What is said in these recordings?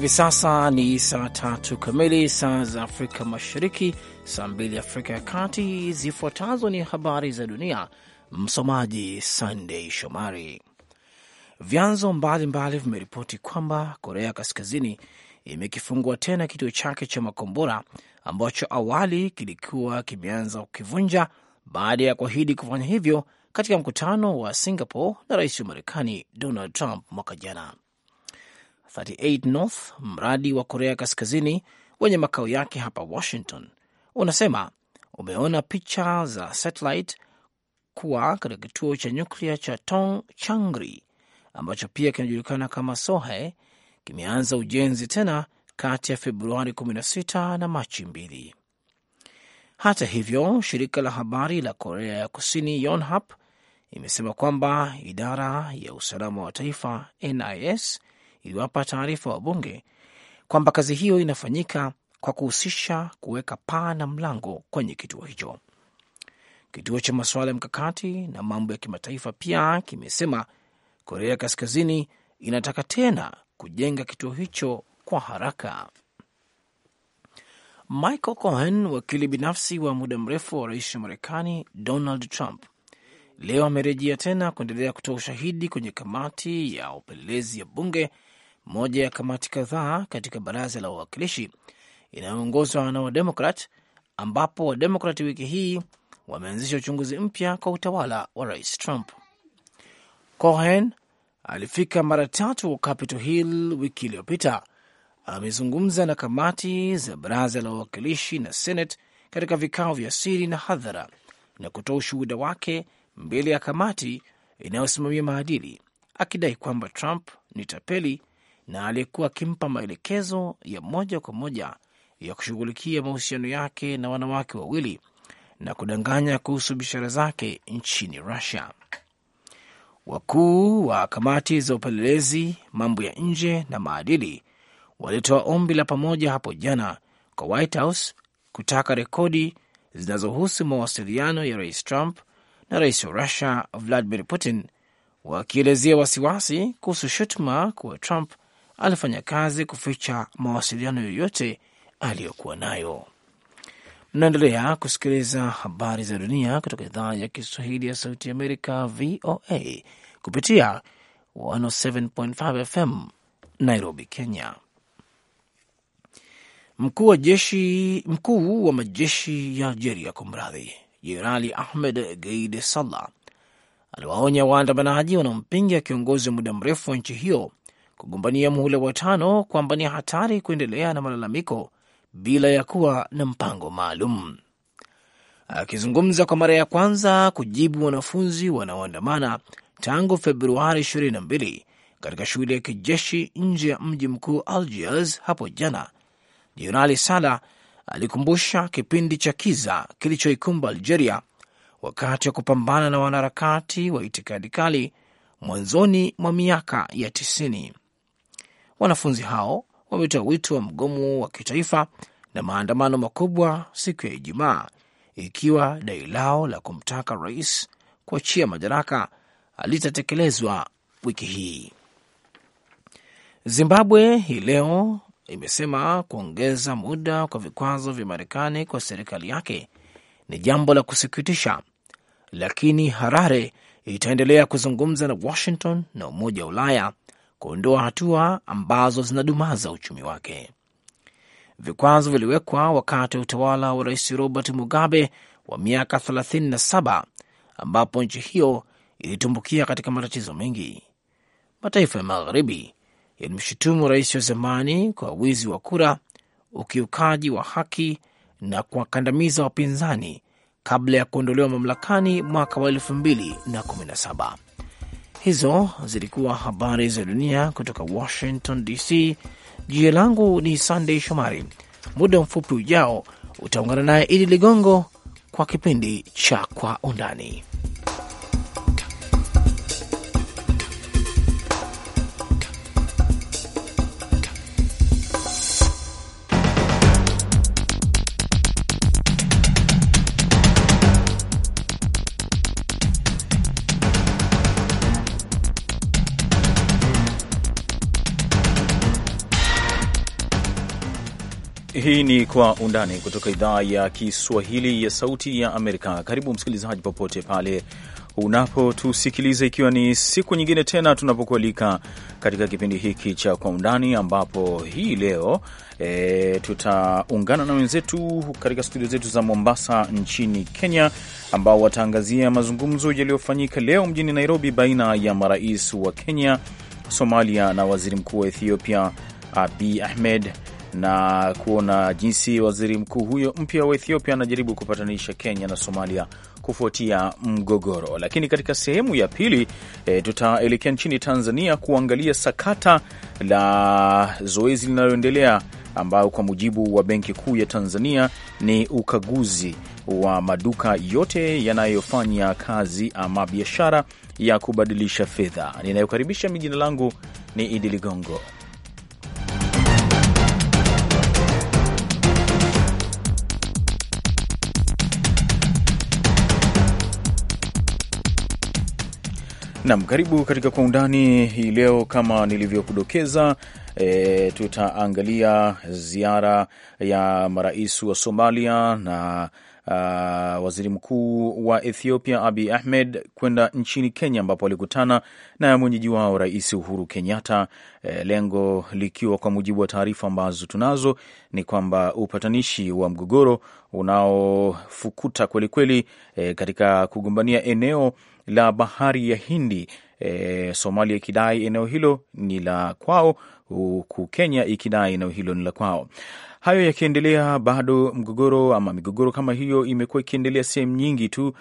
Hivi sasa ni saa tatu kamili saa za Afrika Mashariki, saa mbili Afrika ya Kati. Zifuatazo ni habari za dunia, msomaji Sandei Shomari. Vyanzo mbalimbali vimeripoti kwamba Korea Kaskazini imekifungua tena kituo chake cha makombora ambacho awali kilikuwa kimeanza kukivunja baada ya kuahidi kufanya hivyo katika mkutano wa Singapore na rais wa Marekani Donald Trump mwaka jana. 38 North, mradi wa Korea Kaskazini wenye makao yake hapa Washington, unasema umeona picha za satellite kuwa katika kituo cha nyuklia cha Tong Changri ambacho pia kinajulikana kama Sohe kimeanza ujenzi tena kati ya Februari 16 na Machi 2. Hata hivyo, shirika la habari la Korea ya Kusini Yonhap imesema kwamba idara ya usalama wa taifa NIS iliwapa taarifa bunge kwamba kazi hiyo inafanyika kwa kuhusisha kuweka paa na mlango kwenye kituo hicho. Kituo cha masuala ya mkakati na mambo ya kimataifa pia kimesema Korea Kaskazini inataka tena kujenga kituo hicho kwa haraka. Michael Cohen, wakili binafsi wa muda mrefu wa rais wa Marekani Donald Trump, leo amerejea tena kuendelea kutoa ushahidi kwenye kamati ya upelelezi ya bunge moja ya kamati kadhaa katika baraza la wawakilishi inayoongozwa na Wademokrat, ambapo Wademokrat wiki hii wameanzisha uchunguzi mpya kwa utawala wa rais Trump. Cohen alifika mara tatu Capitol Hill wiki iliyopita, amezungumza na kamati za baraza la wawakilishi na Senate katika vikao vya siri na hadhara na kutoa ushuhuda wake mbele ya kamati inayosimamia maadili akidai kwamba Trump ni tapeli na aliyekuwa akimpa maelekezo ya moja kwa moja ya kushughulikia mahusiano yake na wanawake wawili na kudanganya kuhusu biashara zake nchini Rusia. Wakuu wa kamati za upelelezi, mambo ya nje na maadili walitoa ombi la pamoja hapo jana kwa White House kutaka rekodi zinazohusu mawasiliano ya rais Trump na rais wa Russia Vladimir Putin, wakielezea wasiwasi kuhusu shutuma kuwa Trump alifanya kazi kuficha mawasiliano yoyote aliyokuwa nayo. Mnaendelea kusikiliza habari za dunia kutoka idhaa ya Kiswahili ya Sauti Amerika, VOA, kupitia 107.5 FM Nairobi, Kenya. Mkuu wa jeshi mkuu wa majeshi ya Algeria, kumradhi, Jenerali Ahmed Gaid Sallah aliwaonya waandamanaji wanaompinga kiongozi wa muda mrefu wa nchi hiyo kugombania muhula wa tano kwamba ni hatari kuendelea na malalamiko bila ya kuwa na mpango maalum. Akizungumza kwa mara ya kwanza kujibu wanafunzi wanaoandamana tangu Februari 22 katika shule ya kijeshi nje ya mji mkuu Algiers hapo jana, Jenerali Sala alikumbusha kipindi cha kiza kilichoikumba Algeria wakati wa kupambana na wanaharakati wa itikadi kali mwanzoni mwa miaka ya tisini. Wanafunzi hao wametoa wito wa mgomo wa kitaifa na maandamano makubwa siku ya Ijumaa, ikiwa dai lao la kumtaka rais kuachia madaraka alitatekelezwa wiki hii. Zimbabwe hii leo imesema kuongeza muda kwa vikwazo vya Marekani kwa serikali yake ni jambo la kusikitisha, lakini Harare itaendelea kuzungumza na Washington na Umoja wa Ulaya kuondoa hatua ambazo zinadumaza uchumi wake. Vikwazo viliwekwa wakati wa utawala wa Rais Robert Mugabe wa miaka 37 ambapo nchi hiyo ilitumbukia katika matatizo mengi. Mataifa ya Magharibi yalimshutumu rais wa zamani kwa wizi wa kura, ukiukaji wa haki na kuwakandamiza wapinzani kabla ya kuondolewa mamlakani mwaka wa 2017. Hizo zilikuwa habari za dunia kutoka Washington DC. Jina langu ni Sandey Shomari. Muda mfupi ujao utaungana naye Idi Ligongo kwa kipindi cha Kwa Undani. Hii ni Kwa Undani kutoka idhaa ya Kiswahili ya Sauti ya Amerika. Karibu msikilizaji, popote pale unapotusikiliza, ikiwa ni siku nyingine tena tunapokualika katika kipindi hiki cha Kwa Undani, ambapo hii leo e, tutaungana na wenzetu katika studio zetu za Mombasa nchini Kenya, ambao wataangazia mazungumzo yaliyofanyika leo mjini Nairobi baina ya marais wa Kenya, Somalia na waziri mkuu wa Ethiopia Abiy Ahmed na kuona jinsi waziri mkuu huyo mpya wa Ethiopia anajaribu kupatanisha Kenya na Somalia kufuatia mgogoro. Lakini katika sehemu ya pili e, tutaelekea nchini Tanzania kuangalia sakata la zoezi linaloendelea ambayo kwa mujibu wa Benki Kuu ya Tanzania ni ukaguzi wa maduka yote yanayofanya kazi ama biashara ya kubadilisha fedha. Ninayokaribisha mi, jina langu ni Idi Ligongo. Nam, karibu katika kwa undani hii leo. Kama nilivyokudokeza, e, tutaangalia ziara ya marais wa Somalia na Uh, waziri mkuu wa Ethiopia abi Ahmed kwenda nchini Kenya ambapo alikutana na mwenyeji wao Rais Uhuru Kenyatta, eh, lengo likiwa kwa mujibu wa taarifa ambazo tunazo ni kwamba upatanishi wa mgogoro unaofukuta kwelikweli, eh, katika kugombania eneo la bahari ya Hindi, e, Somalia ikidai eneo hilo ni la kwao, huku Kenya ikidai eneo hilo ni la kwao. Hayo yakiendelea, bado mgogoro ama migogoro kama hiyo imekuwa ikiendelea sehemu nyingi tu, uh,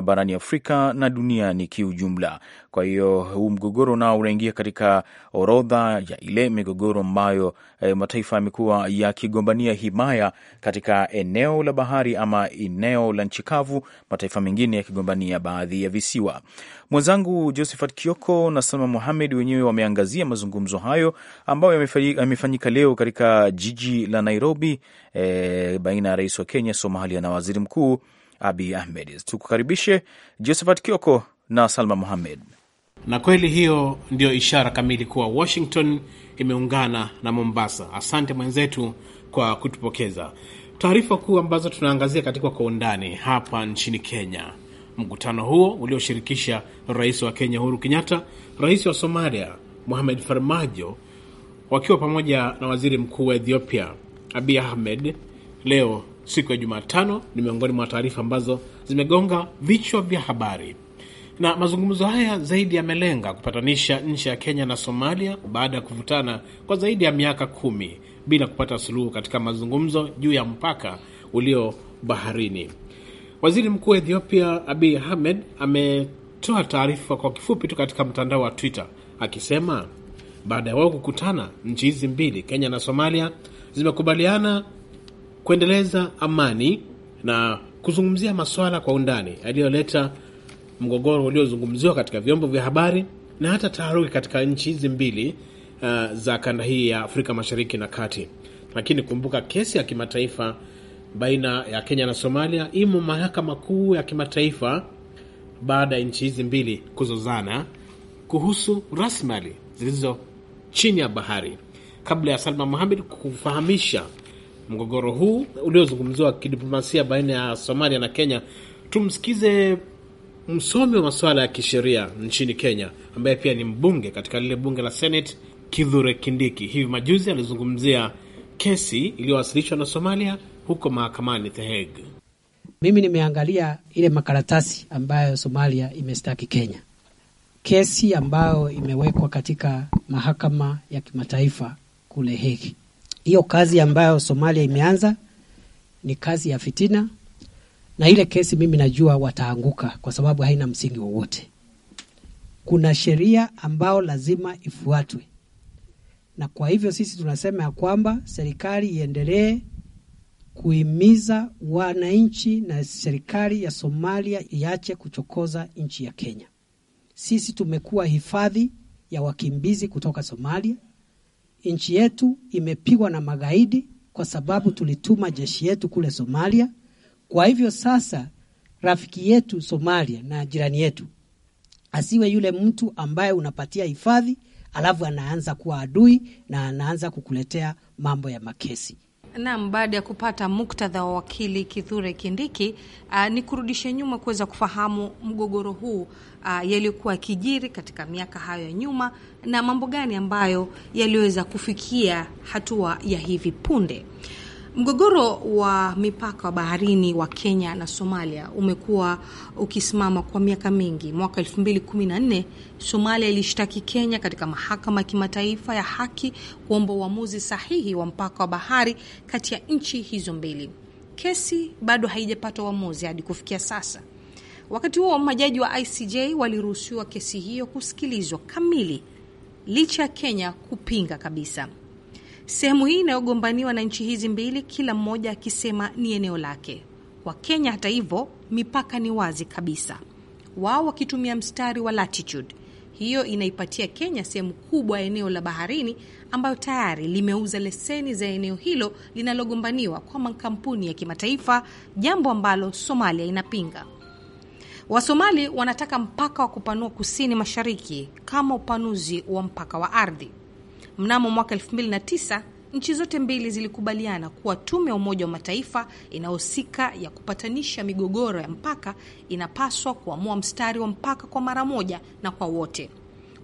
barani Afrika na duniani kiujumla. Kwa hiyo huu mgogoro nao unaingia katika orodha ya ile migogoro ambayo eh, mataifa yamekuwa yakigombania himaya katika eneo la bahari ama eneo la nchi kavu, mataifa mengine yakigombania baadhi ya visiwa. Mwenzangu Josephat Kioko na Salma muhamed wenyewe wameangazia mazungumzo hayo ambayo yamefanyika leo katika jiji la Nairobi, e, baina ya rais wa Kenya, Somalia na waziri mkuu Abi Ahmed. Tukukaribishe Josephat Kioko na Salma muhamed Na kweli hiyo ndiyo ishara kamili kuwa Washington imeungana na Mombasa. Asante mwenzetu kwa kutupokeza. Taarifa kuu ambazo tunaangazia katika kwa undani hapa nchini Kenya Mkutano huo ulioshirikisha rais wa Kenya Uhuru Kenyatta, rais wa Somalia Mohamed Farmajo wakiwa pamoja na waziri mkuu wa Ethiopia Abiy Ahmed leo siku ya Jumatano ni miongoni mwa taarifa ambazo zimegonga vichwa vya habari. Na mazungumzo haya zaidi yamelenga kupatanisha nchi ya Kenya na Somalia baada ya kuvutana kwa zaidi ya miaka kumi bila kupata suluhu katika mazungumzo juu ya mpaka ulio baharini. Waziri Mkuu wa Ethiopia Abiy Ahmed ametoa taarifa kwa kifupi tu katika mtandao wa Twitter akisema baada ya wao kukutana, nchi hizi mbili, Kenya na Somalia, zimekubaliana kuendeleza amani na kuzungumzia masuala kwa undani yaliyoleta mgogoro uliozungumziwa katika vyombo vya habari na hata taharuki katika nchi hizi mbili uh, za kanda hii ya Afrika Mashariki na Kati. Lakini kumbuka, kesi ya kimataifa baina ya Kenya na Somalia imo mahakama kuu ya kimataifa baada ya nchi hizi mbili kuzozana kuhusu rasilimali zilizo chini ya bahari. Kabla ya Salma Mohamed kufahamisha mgogoro huu uliozungumziwa kidiplomasia baina ya Somalia na Kenya, tumsikize msomi wa masuala ya kisheria nchini Kenya ambaye pia ni mbunge katika lile bunge la Senate, Kithure Kindiki. Hivi majuzi alizungumzia kesi iliyowasilishwa na Somalia huko mahakamani The Hague. Mimi nimeangalia ile makaratasi ambayo Somalia imestaki Kenya, kesi ambayo imewekwa katika mahakama ya kimataifa kule Hague. Hiyo kazi ambayo Somalia imeanza ni kazi ya fitina, na ile kesi mimi najua wataanguka kwa sababu haina msingi wowote. Kuna sheria ambayo lazima ifuatwe na kwa hivyo sisi tunasema ya kwamba serikali iendelee kuhimiza wananchi na serikali ya Somalia iache kuchokoza nchi ya Kenya. Sisi tumekuwa hifadhi ya wakimbizi kutoka Somalia. Nchi yetu imepigwa na magaidi kwa sababu tulituma jeshi yetu kule Somalia. Kwa hivyo sasa, rafiki yetu Somalia na jirani yetu asiwe yule mtu ambaye unapatia hifadhi alafu anaanza kuwa adui na anaanza kukuletea mambo ya makesi. Naam, baada ya kupata muktadha wa wakili Kithure Kindiki, uh, ni kurudishe nyuma kuweza kufahamu mgogoro huu uh, yaliyokuwa yakijiri katika miaka hayo ya nyuma na mambo gani ambayo yaliweza kufikia hatua ya hivi punde. Mgogoro wa mipaka wa baharini wa Kenya na Somalia umekuwa ukisimama kwa miaka mingi. Mwaka 2014 Somalia ilishtaki Kenya katika mahakama ya kimataifa ya haki kuomba uamuzi sahihi wa mpaka wa bahari kati ya nchi hizo mbili. Kesi bado haijapata uamuzi hadi kufikia sasa. Wakati huo majaji wa ICJ waliruhusiwa kesi hiyo kusikilizwa kamili licha ya Kenya kupinga kabisa sehemu hii inayogombaniwa na nchi hizi mbili, kila mmoja akisema ni eneo lake. Kwa Kenya hata hivyo, mipaka ni wazi kabisa, wao wakitumia mstari wa latitude. Hiyo inaipatia Kenya sehemu kubwa ya eneo la baharini ambayo tayari limeuza leseni za eneo hilo linalogombaniwa kwa makampuni ya kimataifa, jambo ambalo Somalia inapinga. Wasomali wanataka mpaka wa kupanua kusini mashariki kama upanuzi wa mpaka wa ardhi. Mnamo mwaka 2009 nchi zote mbili zilikubaliana kuwa tume ya Umoja wa Mataifa inayohusika ya kupatanisha migogoro ya mpaka inapaswa kuamua mstari wa mpaka kwa mara moja na kwa wote.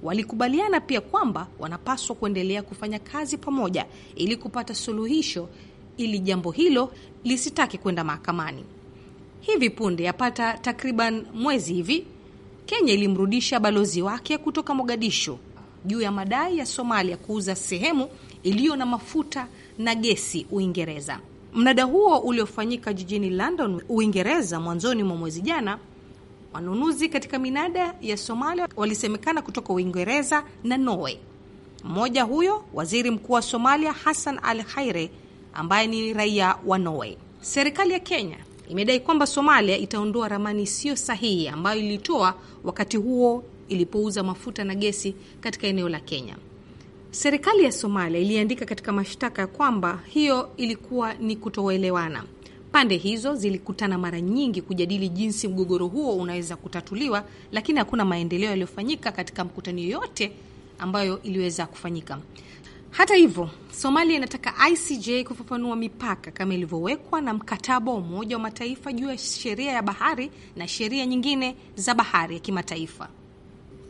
Walikubaliana pia kwamba wanapaswa kuendelea kufanya kazi pamoja ili kupata suluhisho ili jambo hilo lisitake kwenda mahakamani. Hivi punde, yapata takriban mwezi hivi, Kenya ilimrudisha balozi wake kutoka Mogadishu juu ya madai ya Somalia kuuza sehemu iliyo na mafuta na gesi Uingereza. Mnada huo uliofanyika jijini London, Uingereza, mwanzoni mwa mwezi jana, wanunuzi katika minada ya Somalia walisemekana kutoka Uingereza na Norway. Mmoja huyo waziri mkuu wa Somalia Hassan Al Khaire, ambaye ni raia wa Norway. Serikali ya Kenya imedai kwamba Somalia itaondoa ramani isiyo sahihi ambayo ilitoa wakati huo ilipouza mafuta na gesi katika eneo la Kenya. Serikali ya Somalia iliandika katika mashtaka ya kwamba hiyo ilikuwa ni kutoelewana. Pande hizo zilikutana mara nyingi kujadili jinsi mgogoro huo unaweza kutatuliwa, lakini hakuna maendeleo yaliyofanyika katika mkutano yoyote ambayo iliweza kufanyika. Hata hivyo, Somalia inataka ICJ kufafanua mipaka kama ilivyowekwa na mkataba wa Umoja wa Mataifa juu ya sheria ya bahari na sheria nyingine za bahari ya kimataifa.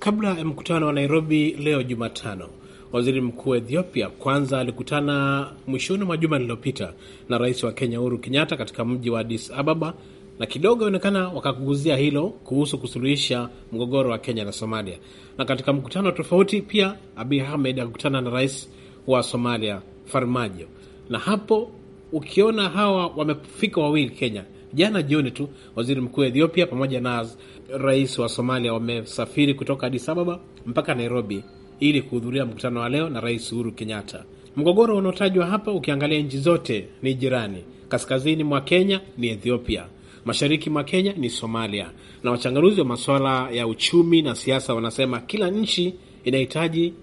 Kabla ya mkutano wa Nairobi leo Jumatano, waziri mkuu wa Ethiopia kwanza alikutana mwishoni mwa juma lililopita na rais wa Kenya Uhuru Kenyatta katika mji wa Addis Ababa, na kidogo inaonekana wakakuguzia hilo kuhusu kusuluhisha mgogoro wa Kenya na Somalia. Na katika mkutano tofauti pia abi Ahmed akakutana na rais wa Somalia Farmajo, na hapo ukiona hawa wamefika wawili Kenya Jana jioni tu waziri mkuu wa Ethiopia pamoja na rais wa Somalia wamesafiri kutoka Addis Ababa mpaka Nairobi ili kuhudhuria mkutano wa leo na Rais Uhuru Kenyatta. Mgogoro unaotajwa hapa, ukiangalia nchi zote ni jirani. Kaskazini mwa Kenya ni Ethiopia, mashariki mwa Kenya ni Somalia, na wachanganuzi wa masuala ya uchumi na siasa wanasema kila nchi inahitaji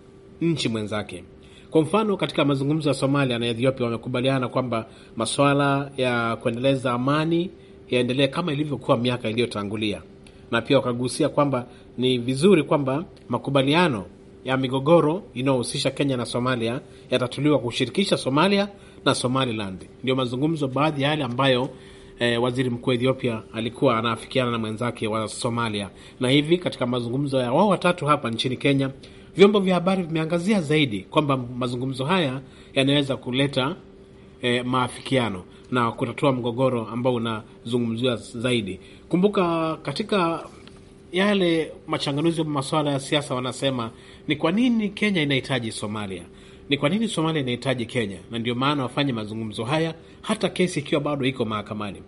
nchi mwenzake. Kwa mfano, katika mazungumzo ya Somalia na Ethiopia wamekubaliana kwamba masuala ya kuendeleza amani yaendelee kama ilivyokuwa miaka iliyotangulia, na pia wakagusia kwamba ni vizuri kwamba makubaliano ya migogoro inayohusisha Kenya na Somalia yatatuliwa kushirikisha Somalia na Somaliland. Ndio mazungumzo baadhi ya yale ambayo eh, waziri mkuu wa Ethiopia alikuwa anaafikiana na mwenzake wa Somalia, na hivi katika mazungumzo ya wao watatu hapa nchini Kenya vyombo vya habari vimeangazia zaidi kwamba mazungumzo haya yanaweza kuleta e, maafikiano na kutatua mgogoro ambao unazungumziwa zaidi. Kumbuka katika yale machanganuzi wa masuala ya siasa, wanasema ni kwa nini Kenya inahitaji Somalia, ni kwa nini Somalia inahitaji Kenya, na ndio maana wafanye mazungumzo haya, hata kesi ikiwa bado iko mahakamani.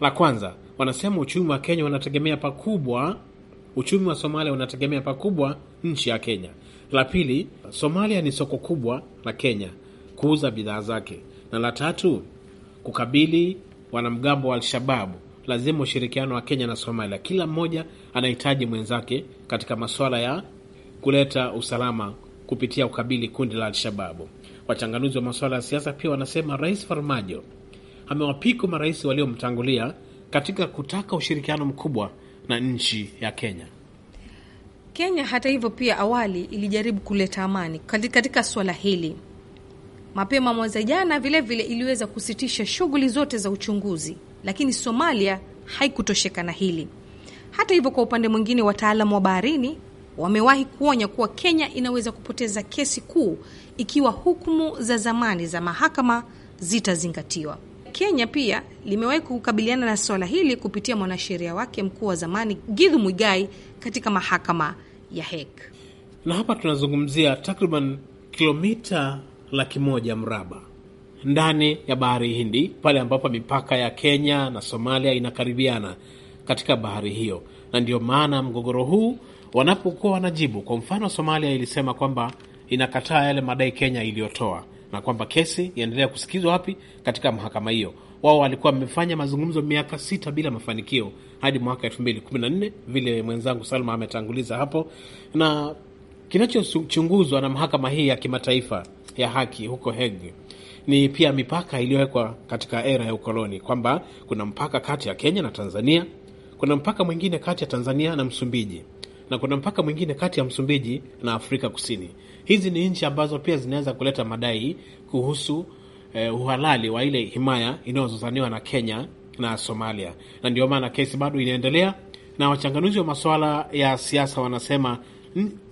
La kwanza, wanasema uchumi wa Kenya unategemea pakubwa uchumi wa Somalia unategemea pakubwa nchi ya Kenya. La pili, Somalia ni soko kubwa la Kenya kuuza bidhaa zake, na la tatu, kukabili wanamgambo wa Al-Shababu lazima ushirikiano wa Kenya na Somalia. Kila mmoja anahitaji mwenzake katika masuala ya kuleta usalama kupitia kukabili kundi la Al-Shababu. Wachanganuzi wa masuala ya siasa pia wanasema Rais Farmajo amewapiku marais waliomtangulia katika kutaka ushirikiano mkubwa na nchi ya Kenya. Kenya hata hivyo pia awali ilijaribu kuleta amani katika swala hili. Mapema mwezi jana vilevile iliweza kusitisha shughuli zote za uchunguzi, lakini Somalia haikutosheka na hili. Hata hivyo, kwa upande mwingine, wataalamu wa baharini wamewahi kuonya kuwa Kenya inaweza kupoteza kesi kuu ikiwa hukumu za zamani za mahakama zitazingatiwa. Kenya pia limewahi kukabiliana na swala hili kupitia mwanasheria wake mkuu wa zamani Githu Mwigai katika mahakama ya Hek. Na hapa tunazungumzia takriban kilomita laki moja mraba ndani ya bahari Hindi, pale ambapo mipaka ya Kenya na Somalia inakaribiana katika bahari hiyo, na ndiyo maana mgogoro huu wanapokuwa wanajibu, kwa mfano Somalia ilisema kwamba inakataa yale madai Kenya iliyotoa na kwamba kesi iendelea kusikizwa wapi? Katika mahakama hiyo wao walikuwa wamefanya mazungumzo miaka sita bila mafanikio hadi mwaka elfu mbili kumi na nne vile mwenzangu Salma ametanguliza hapo, na kinachochunguzwa na mahakama hii ya kimataifa ya haki huko Hague ni pia mipaka iliyowekwa katika era ya ukoloni, kwamba kuna mpaka kati ya Kenya na Tanzania, kuna mpaka mwingine kati ya Tanzania na Msumbiji na kuna mpaka mwingine kati ya Msumbiji na Afrika Kusini. Hizi ni nchi ambazo pia zinaweza kuleta madai kuhusu eh, uhalali wa ile himaya inayozozaniwa na Kenya na Somalia, na ndio maana kesi bado inaendelea, na wachanganuzi wa masuala ya siasa wanasema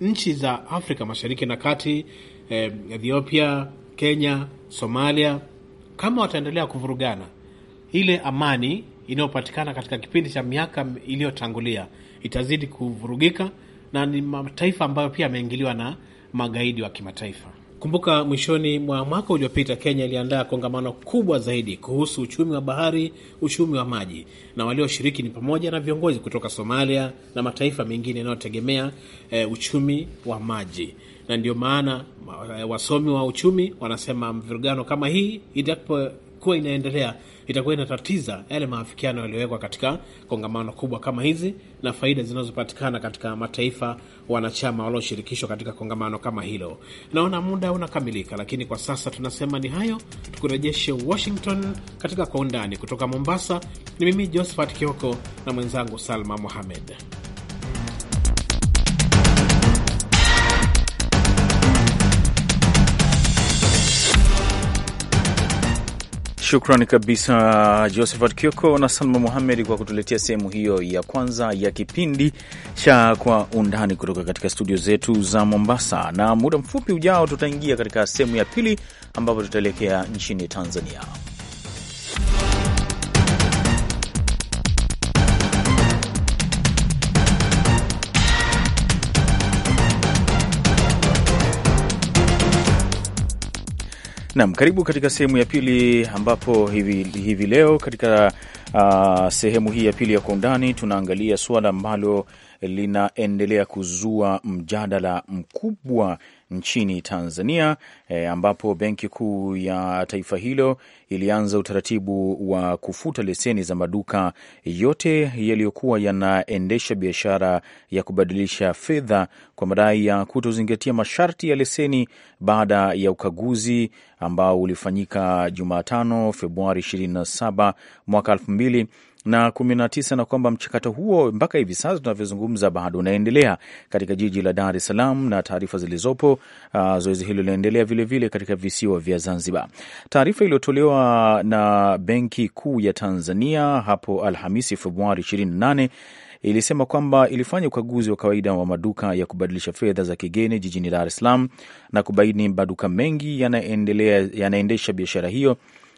nchi za Afrika Mashariki na Kati, eh, Ethiopia, Kenya, Somalia, kama wataendelea kuvurugana, ile amani inayopatikana katika kipindi cha miaka iliyotangulia itazidi kuvurugika, na ni mataifa ambayo pia yameingiliwa na magaidi wa kimataifa. Kumbuka mwishoni mwa mwaka uliopita Kenya iliandaa kongamano kubwa zaidi kuhusu uchumi wa bahari, uchumi wa maji, na walioshiriki ni pamoja na viongozi kutoka Somalia na mataifa mengine yanayotegemea e, uchumi wa maji. Na ndio maana eh, wasomi wa uchumi wanasema mvurugano kama hii itapokuwa inaendelea itakuwa inatatiza yale maafikiano yaliyowekwa katika kongamano kubwa kama hizi na faida zinazopatikana katika mataifa wanachama walioshirikishwa katika kongamano kama hilo. Naona muda unakamilika, lakini kwa sasa tunasema ni hayo, tukurejeshe Washington katika kwa undani. Kutoka Mombasa ni mimi Josephat Kioko na mwenzangu Salma Mohamed. Shukran kabisa Josephat Kioko na Salma Muhamed kwa kutuletea sehemu hiyo ya kwanza ya kipindi cha Kwa Undani kutoka katika studio zetu za Mombasa, na muda mfupi ujao tutaingia katika sehemu ya pili ambapo tutaelekea nchini Tanzania. Naam, karibu katika sehemu ya pili ambapo hivi, hivi leo katika uh, sehemu hii ya pili ya kwa undani tunaangalia suala ambalo linaendelea kuzua mjadala mkubwa nchini Tanzania e, ambapo benki kuu ya taifa hilo ilianza utaratibu wa kufuta leseni za maduka yote yaliyokuwa yanaendesha biashara ya kubadilisha fedha kwa madai ya kutozingatia masharti ya leseni baada ya ukaguzi ambao ulifanyika Jumatano Februari 27 mwaka 2000 na kumi na tisa na kwamba mchakato huo mpaka hivi sasa tunavyozungumza bado unaendelea katika jiji la Dar es Salaam, na taarifa zilizopo Uh, zoezi hilo linaendelea vilevile katika visiwa vya Zanzibar. Taarifa iliyotolewa na Benki Kuu ya Tanzania hapo Alhamisi Februari 28 ilisema kwamba ilifanya ukaguzi wa kawaida wa maduka ya kubadilisha fedha za kigeni jijini Dar es Salaam na kubaini maduka mengi yanaendelea yanaendesha biashara hiyo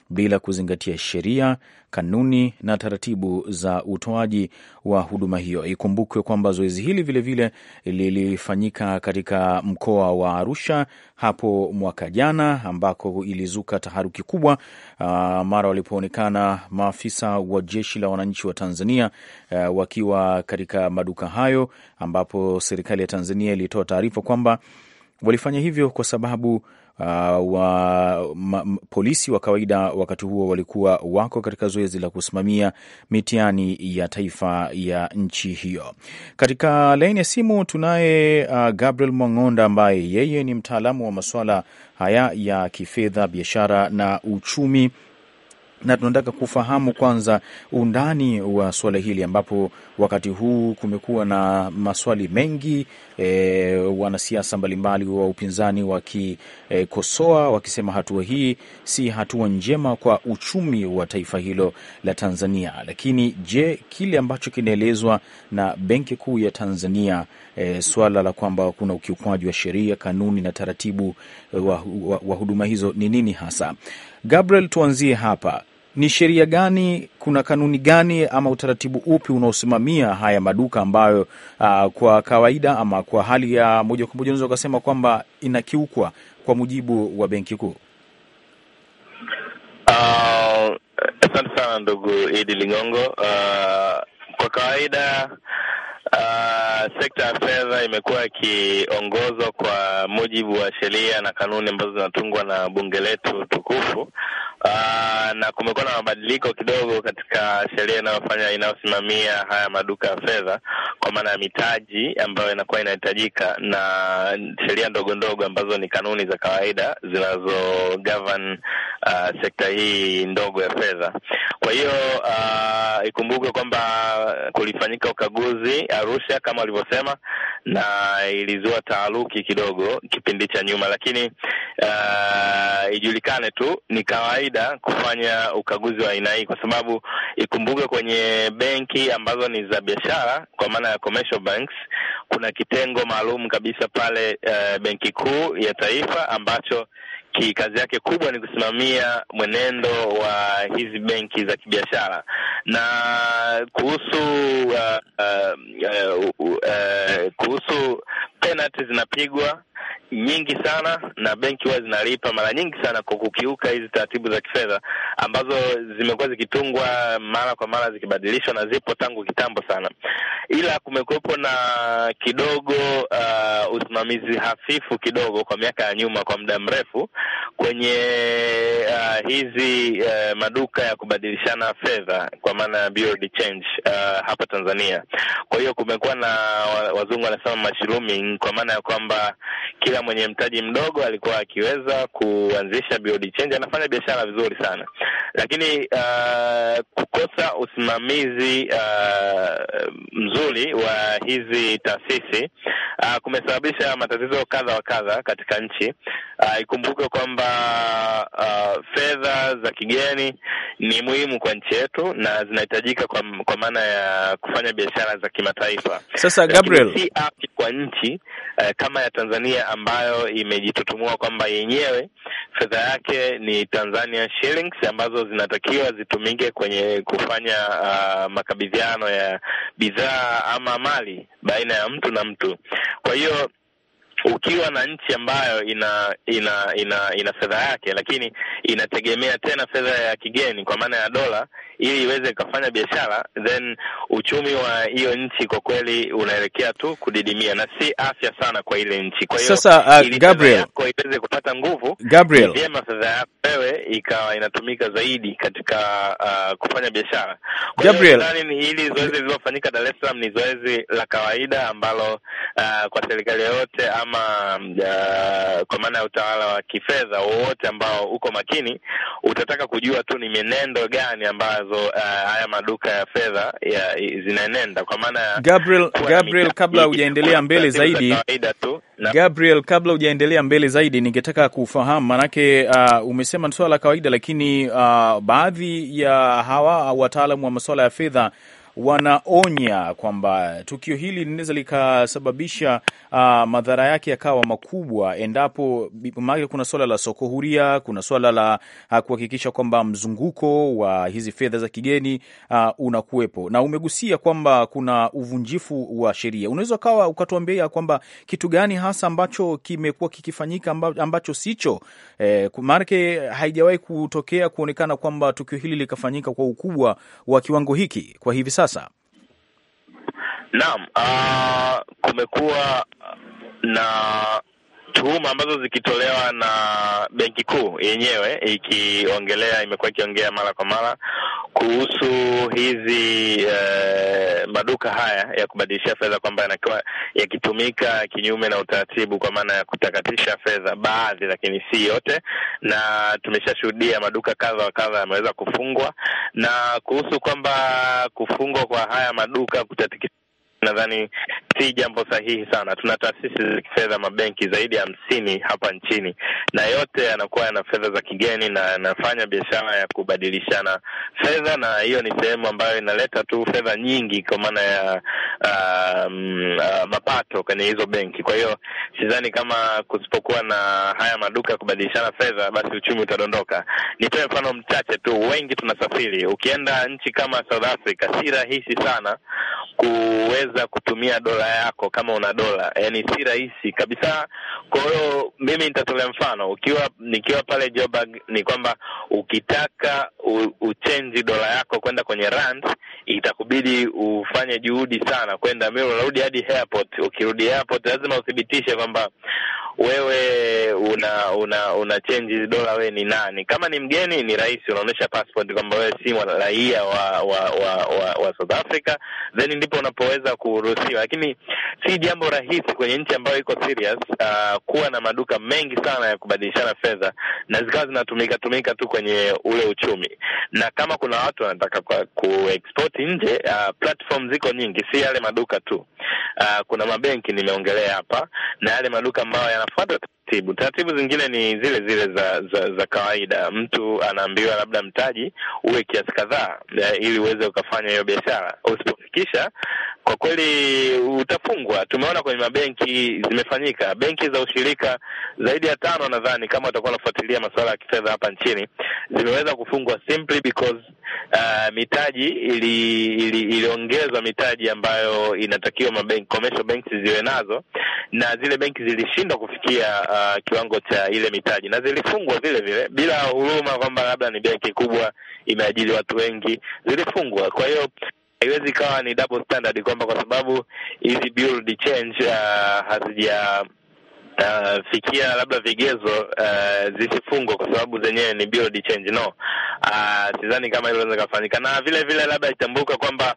bila kuzingatia sheria, kanuni na taratibu za utoaji wa huduma hiyo. Ikumbukwe kwamba zoezi hili vilevile lilifanyika katika mkoa wa Arusha hapo mwaka jana, ambako ilizuka taharuki kubwa uh, mara walipoonekana maafisa wa jeshi la wananchi wa Tanzania uh, wakiwa katika maduka hayo, ambapo serikali ya Tanzania ilitoa taarifa kwamba walifanya hivyo kwa sababu uh, wa, ma, polisi wa kawaida wakati huo walikuwa wako katika zoezi la kusimamia mitihani ya taifa ya nchi hiyo. Katika laini ya simu tunaye uh, Gabriel Mwang'onda ambaye yeye ni mtaalamu wa masuala haya ya kifedha, biashara na uchumi na tunataka kufahamu kwanza undani wa suala hili ambapo wakati huu kumekuwa na maswali mengi e, wanasiasa mbalimbali wa upinzani wakikosoa e, wakisema hatua hii si hatua njema kwa uchumi wa taifa hilo la Tanzania. Lakini je, kile ambacho kinaelezwa na Benki Kuu ya Tanzania e, swala la kwamba kuna ukiukwaji wa sheria, kanuni na taratibu wa, wa, wa huduma hizo ni nini hasa? Gabriel, tuanzie hapa ni sheria gani, kuna kanuni gani ama utaratibu upi unaosimamia haya maduka ambayo uh, kwa kawaida ama kwa hali ya moja kwa moja unaweza ukasema kwamba inakiukwa kwa mujibu wa Benki Kuu? Ah, asante uh, sana ndugu Idi ligongo Uh, kwa kawaida Uh, sekta ya fedha imekuwa ikiongozwa kwa mujibu wa sheria na kanuni ambazo zinatungwa na bunge letu tukufu, Aa, ah, na kumekuwa na mabadiliko kidogo katika sheria inayofanya inayosimamia haya maduka ya fedha kwa maana ya mitaji ambayo inakuwa inahitajika na sheria ndogo ndogo ambazo ni kanuni za kawaida zinazo govern uh, sekta hii ndogo ya fedha. Kwa hiyo uh, ah, ikumbuke kwamba kulifanyika ukaguzi Arusha kama walivyosema, na ilizua taaruki kidogo kipindi cha nyuma, lakini uh, ijulikane tu ni kawaida kawaida kufanya ukaguzi wa aina hii, kwa sababu ikumbuke, kwenye benki ambazo ni za biashara, kwa maana ya commercial banks, kuna kitengo maalum kabisa pale uh, Benki Kuu ya Taifa ambacho kazi yake kubwa ni kusimamia mwenendo wa hizi benki za kibiashara. Na kuhusu uh, uh, uh, uh, uh, kuhusu penalty zinapigwa nyingi sana na benki huwa zinalipa mara nyingi sana kwa kukiuka hizi taratibu za kifedha ambazo zimekuwa zikitungwa mara kwa mara zikibadilishwa na zipo tangu kitambo sana, ila kumekuwepo na kidogo uh, usimamizi hafifu kidogo kwa miaka ya nyuma, kwa muda mrefu kwenye uh, hizi uh, maduka ya kubadilishana fedha kwa maana ya change uh, hapa Tanzania. Kwa hiyo kumekuwa na wazungu wanasema mushrooming Mm, kwa maana ya kwamba kila mwenye mtaji mdogo alikuwa akiweza kuanzisha biondi change, anafanya biashara vizuri sana, lakini uh, kukosa usimamizi uh, mzuri wa hizi taasisi uh, kumesababisha matatizo kadha wa kadha katika nchi. Uh, ikumbuke kwamba uh, fedha za kigeni ni muhimu kwa nchi yetu na zinahitajika kwa, kwa maana ya kufanya biashara za kimataifa. Sasa Gabriel, si kwa nchi uh, kama ya Tanzania ambayo imejitutumua kwamba yenyewe fedha yake ni Tanzania shillings ambazo zinatakiwa zitumike kwenye kufanya uh, makabidhiano ya bidhaa ama mali baina ya mtu na mtu. Kwa hiyo ukiwa na nchi ambayo ina ina ina ina fedha yake, lakini inategemea tena fedha ya kigeni kwa maana ya dola ili iweze ikafanya biashara, then uchumi wa hiyo nchi kwa kweli unaelekea tu kudidimia na si afya sana kwa ile nchi. Kwa hiyo sasa, uh, Gabriel, iweze kupata nguvu, Gabriel, vyema fedha yako wewe ikawa inatumika zaidi katika uh, kufanya biashara. Gabriel, hili zoezi lililofanyika Dar es Salaam ni zoezi la kawaida ambalo uh, kwa serikali yoyote kama uh, kwa maana ya utawala wa kifedha wowote ambao uko makini utataka kujua tu ni mienendo gani ambazo uh, haya maduka ya fedha zinaenenda, kwa maana ya Gabriel, Gabriel, kabla hujaendelea mbele zaidi tu, na... Gabriel, kabla hujaendelea mbele zaidi ningetaka kufahamu maanake, uh, ah, umesema ni swala la kawaida, lakini uh, baadhi ya hawa wataalamu wa masuala ya fedha wanaonya kwamba tukio hili linaweza likasababisha uh, madhara yake yakawa makubwa, endapo maake, kuna swala la soko huria, kuna swala la uh, kuhakikisha kwamba mzunguko wa hizi fedha za kigeni uh, unakuwepo, na umegusia kwamba kuna uvunjifu wa sheria. Unaweza ukawa ukatuambia kwamba kitu gani hasa ambacho kimekuwa kikifanyika ambacho sicho, eh, maanake haijawahi kutokea kuonekana kwamba tukio hili likafanyika kwa ukubwa wa kiwango hiki kwa hivi sasa? Naam, uh, kumekuwa na tuhuma ambazo zikitolewa na benki kuu yenyewe ikiongelea, imekuwa ikiongea mara kwa mara kuhusu hizi eh, maduka haya ya kubadilishia fedha kwamba yanakuwa yakitumika kinyume na utaratibu, kwa maana ya kutakatisha fedha baadhi, lakini si yote, na tumeshashuhudia maduka kadha wa kadha yameweza kufungwa, na kuhusu kwamba kufungwa kwa haya maduka kutatikisa nadhani si jambo sahihi sana. Tuna taasisi za kifedha, mabenki zaidi ya hamsini hapa nchini, na yote yanakuwa yana fedha za kigeni na yanafanya biashara ya kubadilishana fedha, na hiyo ni sehemu ambayo inaleta tu fedha nyingi kwa maana ya uh, uh, mapato kwenye hizo benki. Kwa hiyo sidhani kama kusipokuwa na haya maduka ya kubadilishana fedha, basi uchumi utadondoka. Nitoe mfano mchache tu, wengi tunasafiri. Ukienda nchi kama South Africa, si rahisi sana kuweza kuweza kutumia dola yako kama una dola, yani si rahisi kabisa. Kwa hiyo mimi nitatolea mfano, ukiwa nikiwa pale Joburg, ni kwamba ukitaka uchenji dola yako kwenda kwenye rand, itakubidi ufanye juhudi sana kwenda mimi, unarudi hadi airport. Ukirudi airport, lazima uthibitishe kwamba wewe una una, una change dola, wewe ni nani? Kama ni mgeni ni rahisi, unaonyesha passport kwamba wewe si raia wa wa, wa wa wa South Africa, then ndipo unapoweza kuruhusiwa, lakini si jambo rahisi kwenye nchi ambayo iko serious uh, kuwa na maduka mengi sana ya kubadilishana fedha na zikawa zinatumika tumika tu kwenye ule uchumi, na kama kuna watu wanataka kuexport nje uh, platform ziko nyingi, si yale maduka tu uh, kuna mabenki nimeongelea hapa na yale maduka ambayo yana Freibad taratibu. Taratibu zingine ni zile zile za za, za kawaida. Mtu anaambiwa labda mtaji uwe kiasi kadhaa e, ili uweze ukafanya hiyo biashara, usipofikisha kwa kweli utafungwa. Tumeona kwenye mabenki zimefanyika, benki za ushirika zaidi ya tano nadhani, kama watakuwa wanafuatilia masuala ya kifedha hapa nchini, zimeweza kufungwa simply because uh, mitaji ili, ili, iliongezwa mitaji ambayo inatakiwa mabenki commercial banks ziwe nazo, na zile benki zilishindwa kufikia uh, kiwango cha ile mitaji, na zilifungwa vile vile bila huruma kwamba labda ni benki kubwa imeajiri watu wengi, zilifungwa. Kwa hiyo haiwezi ikawa ni double standard kwamba kwa sababu hizi build change uh, hazija Uh, fikia labda vigezo uh, zisifungwe kwa sababu zenyewe ni build change. No, Ah, sidhani kama hilo linaweza kufanyika, na vile vile labda itambuka kwamba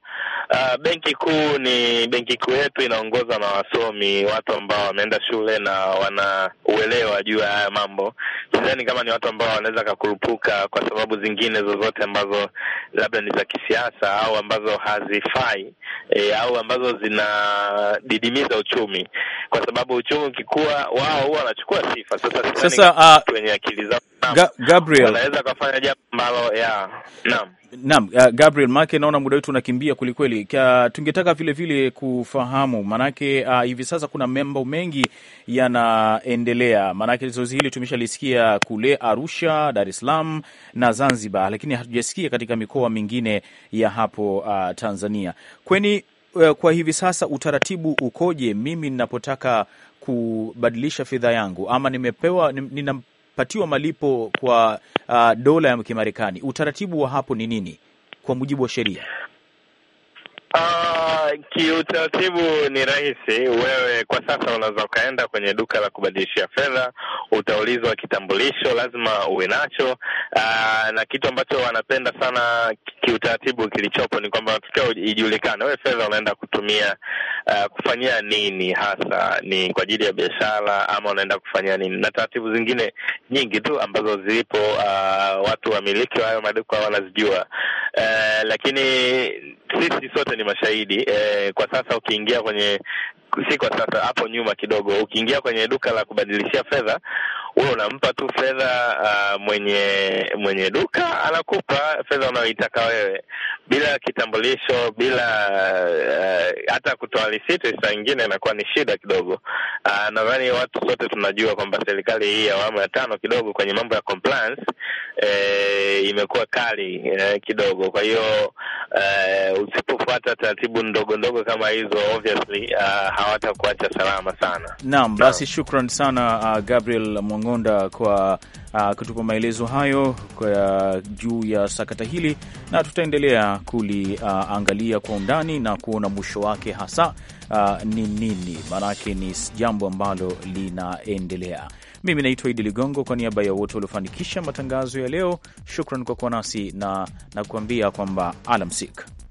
uh, benki kuu ni benki kuu yetu inaongozwa na wasomi, watu ambao wameenda shule na wanauelewa juu ya haya mambo. Sidhani kama ni watu ambao wanaweza kakurupuka kwa sababu zingine zozote ambazo labda ni za kisiasa au ambazo hazifai e, au ambazo zinadidimiza uchumi, kwa sababu uchumi ukikuwa wao huwa wanachukua sifa. Sasa sasa ah, wenye akili zao Gabriel wanaweza kufanya jambo Halo, yeah. Naam. Naam, uh, Gabriel Make, naona muda wetu unakimbia kwelikweli. Tungetaka vile vile kufahamu maanake, uh, hivi sasa kuna mambo mengi yanaendelea, maanake zoezi hili tumeshalisikia kule Arusha, Dar es Salaam na Zanzibar, lakini hatujasikia katika mikoa mingine ya hapo uh, Tanzania. Kweni uh, kwa hivi sasa utaratibu ukoje? Mimi ninapotaka kubadilisha fedha yangu ama nimepewa, nina kupatiwa malipo kwa uh, dola ya Kimarekani, utaratibu wa hapo ni nini kwa mujibu wa sheria? Uh, kiutaratibu ni rahisi. Wewe kwa sasa unaweza ukaenda kwenye duka la kubadilishia fedha, utaulizwa kitambulisho, lazima uwe nacho. Ah, na kitu ambacho wanapenda sana kiutaratibu kilichopo ni kwamba unatakiwa ijulikane wewe fedha unaenda kutumia aa, ah, kufanyia nini hasa, ni kwa ajili ya biashara ama unaenda kufanyia nini, na taratibu zingine nyingi tu ambazo zilipo, aa, ah, watu wamiliki wa hayo maduka wanazijua, eh, lakini sisi sote ni mashahidi e, Eh, kwa sasa ukiingia kwenye si kwa sasa, hapo nyuma kidogo, ukiingia kwenye duka la kubadilishia fedha wewe unampa tu fedha uh, mwenye mwenye duka anakupa fedha unayoitaka wewe bila kitambulisho, bila uh, hata kutoa risiti. Saa nyingine inakuwa ni shida kidogo. Uh, nadhani watu sote tunajua kwamba serikali hii ya awamu ya tano kidogo kwenye mambo ya compliance eh, imekuwa kali eh, kidogo. Kwa hiyo eh, usipofuata taratibu ndogo ndogo kama hizo obviously uh, hawatakuacha salama sana. Naam, basi shukran sana uh, Gabriel Mung Wang'onda kwa uh, kutupa maelezo hayo kwa ah, juu ya sakata hili, na tutaendelea kuliangalia ah, uh, kwa undani na kuona mwisho wake hasa uh, ni nini, maanake ni jambo ambalo linaendelea. Mimi naitwa Idi Ligongo, kwa niaba ya wote waliofanikisha matangazo ya leo, shukran kwa kuwa nasi na nakuambia kwamba alamsik.